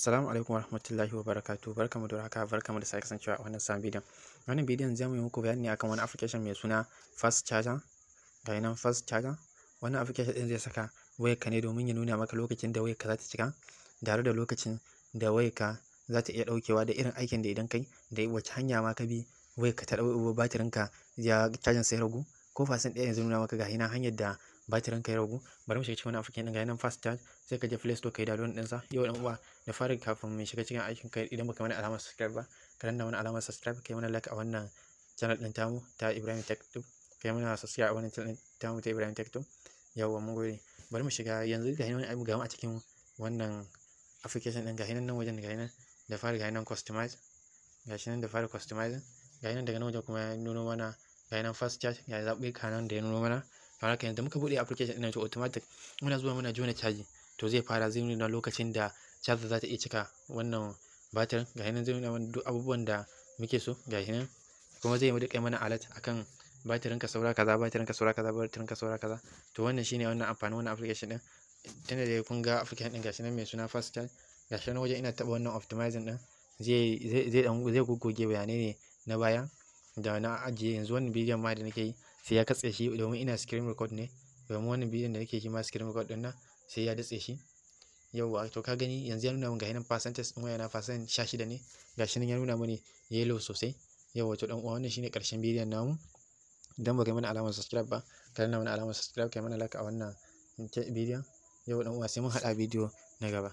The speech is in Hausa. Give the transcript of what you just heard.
Assalamu alaikum warahmatullahi wabarakatuh barkamu da warhaka barkamu da sake kasancewa a wannan sabon bidiyon wannan bidiyon zamu yi muku bayani ne akan wani application mai suna fast charger ga nan fast charger wannan application din zai saka ka ne domin ya nuna maka lokacin da ka za ta cika tare da lokacin da ka za ta iya daukewa da irin aikin da idan kai da wace hanya ma ka bi ka ta batirin ka ya cajin sai ragu ko fasin ɗaya yanzu nuna maka ga hanyar da batir ranka ya ragu bari mu shiga cikin wani afirka din ga nan fast charge sai ka je play store ka yi din sa yau dan uwa da fari kafin mu shiga cikin aikin kai idan baka mana alamar subscribe ba ka danna mana alamar subscribe kai mana like a wannan channel din tamu ta Ibrahim Tech Tube kai mana subscribe a wannan channel tamu ta Ibrahim Tech Tube yau mun gode bari mu shiga yanzu ga hinan ga mu a cikin wannan application din ga hinan nan wajen ga hinan da fari ga hinan customize ga shi nan da fari customizing ga hinan daga nan wajen kuma ya nuno mana ga hinan fast charge ga zaɓuɓɓuka nan da ya nuno mana kamar haka yanzu muka buɗe application ɗin to automatic muna zuwa muna jona caji to zai fara zai nuna lokacin da charger za ta iya cika wannan batir ga hinan zai nuna duk abubuwan da muke so ga hinan kuma zai yi mana alert akan batirin ka saura kaza batirin ka saura kaza batirin ka saura kaza to wannan shine wannan amfanin wannan application ɗin tunda da kun ga application ɗin gashi nan mai suna fast charge gashi nan wajen ina taba wannan optimizing ɗin zai zai zai zai goggoge bayanai ne na baya da na ajiye yanzu wannan bidiyon ma da nake yi sai ya katse shi domin ina screen record ne domin wannan bidiyon da nake shi ma screen record din nan sai ya datse shi yauwa to ka gani yanzu ya nuna min ga hinan percentage din wayana percent 16 ne gashi nan ya nuna mini yellow sosai yauwa to dan uwa wannan shine karshen bidiyon namu idan ba yi mana alamar subscribe ba ka nuna mana alamar subscribe kai mana like a wannan bidiyon yau dan uwa sai mun haɗa bidiyo na gaba